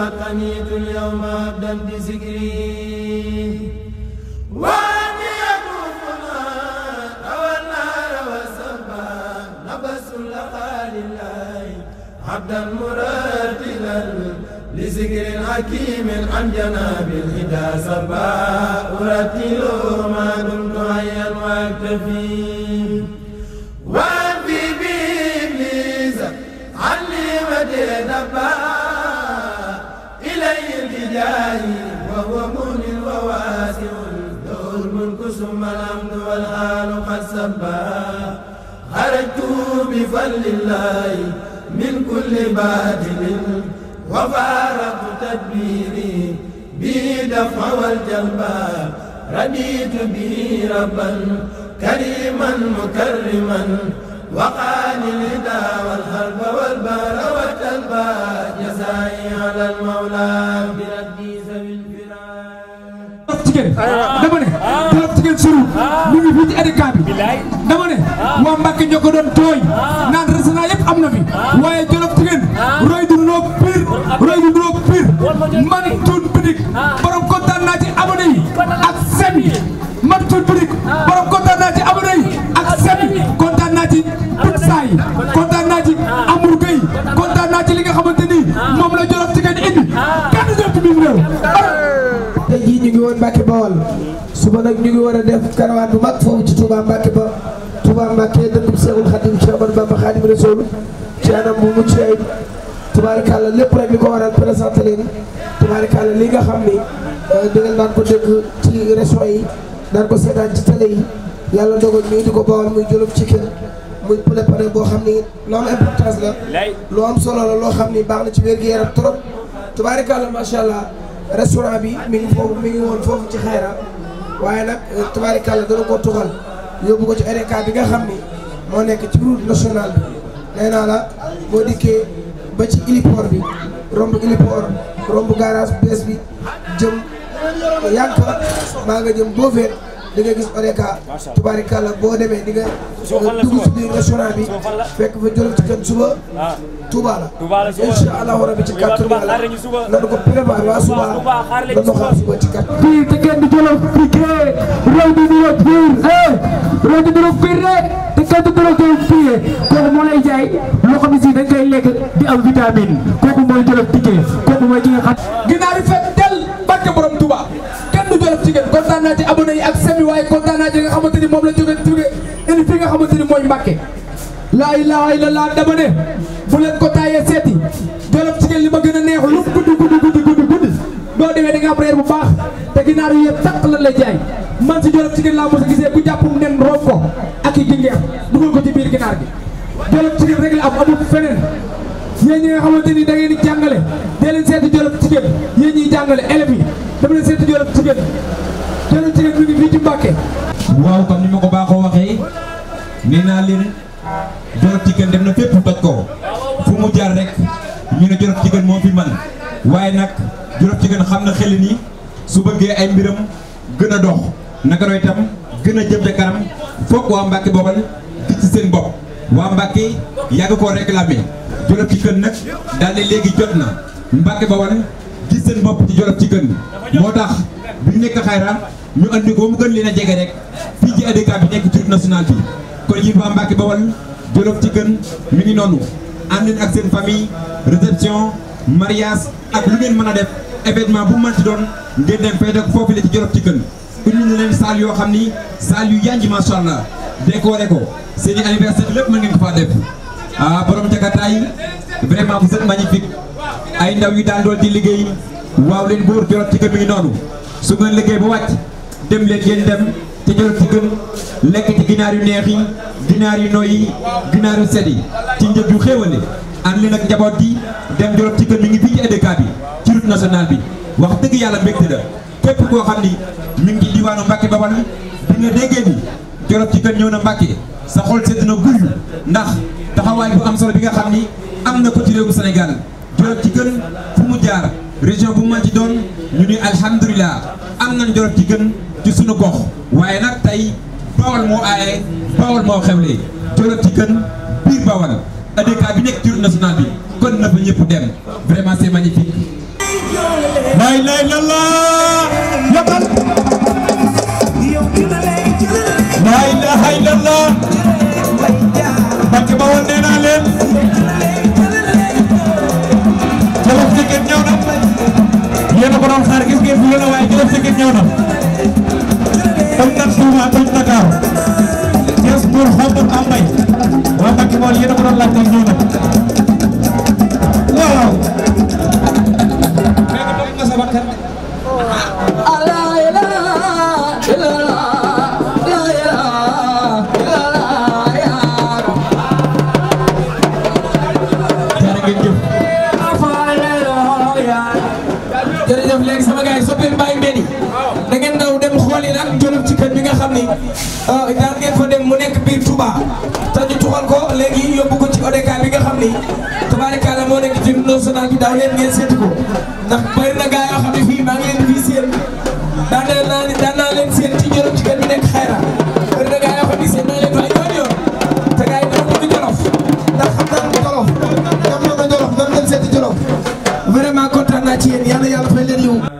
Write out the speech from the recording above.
فقنيت اليوم عبدا بذكري واني اكوفنا او النار وسبا نبس لقى لله عبدا مرتلا لذكر حكيم عن جناب الهدى سربا ارتل ما دمت حيا واكتفي جاهي وهو مؤمن وواسع له الملك ثم الحمد والآل قد سبا خرجت بفضل الله من كل باطل وفارق تدبيري به دفع والجلبا رديت به ربا كريما مكرما وقال الهدى والخلف والبار والتلبى جزائي على المولى بلا jigéen ah. dama ne trop jigéen suru ah. mi ngi fii ci EDK bi dama ne ah. waa Mbacke ñoo ko doon tooy naan résident yëpp am na fi waaye jolof jigéen roy du noo pire roy du noo pire man tuun bidik woon Mbacke Bawol suba nag ñu ngi war a def karawaan bu mag foofu ci Touba Mbacke ba Touba Mbacke dëkkub Seexul Xadim ci Ahmadu Bamba Xaadimu Rasuul ci anam bu mucc ayib tubaarikàlla lépp rek li ko waral présenté leen tubaarikàlla li nga xam ni euh, dëggal daan ko dégg ci région yi daan ko seetaan ci télé yi yàlla dogal ñu di ko Bawol muy jolof ci kër muy poulet pané boo xam ni lu am importance la lu am solo la loo xam ni baax na ci wér-gu-yaram trop tubaarikàlla macha allah. restaurant bi mi foofu mi ngi woon foofu ci xayra waaye nag euh, tabaarikàlla dana ko tuxal yóbbu ko ci RDK bi nga xam ni moo nekk ci route national bi nee naa la boo dikkee ba ci héliport bi romb héliport romb garage bees bi jëm yàgg maa nga jëm Bovene di nga gis ODECA tubaarikàlla boo demee di nga dugg ci biir restaurant bi fekk fa jëloon ci kenn ah. suba Touba la incha allahu rabi ci kàttu yàlla nanu ko préparé waa suba la ko xaar suba ci kàttu fii te kenn du jëloon fii kee réew di dina fiir eh réew di dina fiir rek te kenn du jëloon koy fiir kooku moo lay jaay loo xam ne si dañ koy lekk di am vitamine kooku mooy jëloon tike ni moom la jógee tuuti indi fi nga xamante ni mooy Mbàkke laa ilaaha illallah dama ne bu leen ko taayee seeti jolof ci li ma gën a neex lu guddi guddi guddi guddi guddi boo demee da nga am reer bu baax te ginaar yu yëpp tàq lan lay jaay man si jolof ci la mos a gisee bu jàppum nen roof ko ak i gingeer dugal ko ci biir ginaar gi jolof ci rek la am amul feneen yéen ñi nga xamante ni da ngeen di jàngale dee leen seeti jolof ci gën yéen ñiy jàngale élèves yi dama leen seeti jolof ci gën jolof ci gën mi ngi fii ci Mbàkke waaw comme ni ma ko baaxoo waxee nee naa leen Djolof Chicken dem na fépp toj ko fu mu jaar rek ñu ne Djolof Chicken moo fi man waaye nag Djolof Chicken xam na xel ni su bëggee ay mbiram gën a dox naka doy tam gën a jëm ca kanam foog waa Mbacke boobal di ci seen bopp waa Mbacke yàgg koo réclamé Djolof Chicken nag daal ne léegi jot na Mbacke boobal gis seen bopp ci Djolof Chicken moo tax bi nekk xayra ñu andi ko mu gën leen a jege rek fii ci ADK bi nekk tur national bi kon yéen waa Mbacke Bawal Jolof ci gën mi ngi noonu ànd leen ak seen famille réception mariage ak lu leen mën a def événement bu mënti doon ngeen dem fay rek foofu la ci Jolof ci gën indi na leen salle yoo xam ni salle yu yanj macha allah décoré ko seen i anniversaire lépp mën ngeen ko faa def ah borom jagataay vraiment vous êtes magnifique ay ndaw yu daal dool di liggéey waaw leen buur Jolof ci gën mi ngi noonu su ngeen liggéey ba wàcc. dem leen ngeen dem te jël ci gën lekk ginaar yu neex yi ginaar yu nooy yi ginaar yu sedd yi ci njëg yu xéewale ànd leen ak njaboot gi dem jolof ci gën mi ngi fii ci EDK bi ci route nationale bi wax dëgg yàlla mbégte la képp koo xam ni mi ngi ci diwaanu Mbacke Babal bi nga déggee ni jolof ci gën ñëw na Mbacke sa xol sedd na guy ndax taxawaay bu am solo bi nga xam ni am na ko ci réewu Sénégal jolof ci gën fu mu jaar région bu mu mën ci doon ñu ni alhamdulilah ci suñu gox waaye nag tey bawal moo aaye bawal moo xewle joloti gën biir bawal ADK bi nekk ci route nationale bi kon na fa ñëpp dem vraiment c'est magnifique. lay lay la nee naa leen. jolof jëkkër ñëw na. yéen a ko doon xaar gis ngeen fi yéen a waaye jolof na. tam ni daan ngeen fa dem mu nekk biir Touba te ñu tuxal ko yo yóbbu ko ci ODK bi nga xam ni tabaarkalla moo nekk ci national xam ne fii maa ngi leen di fii seen daan naa leen daan naa leen seen ci Jolof ci gën bi nekk xayra bëri na gaa a xam ne seen naa leen fay yoon yoon te gaa yi dafa bëgg Jolof ndax xam naa ko Jolof dem na ko Jolof dem leen seeti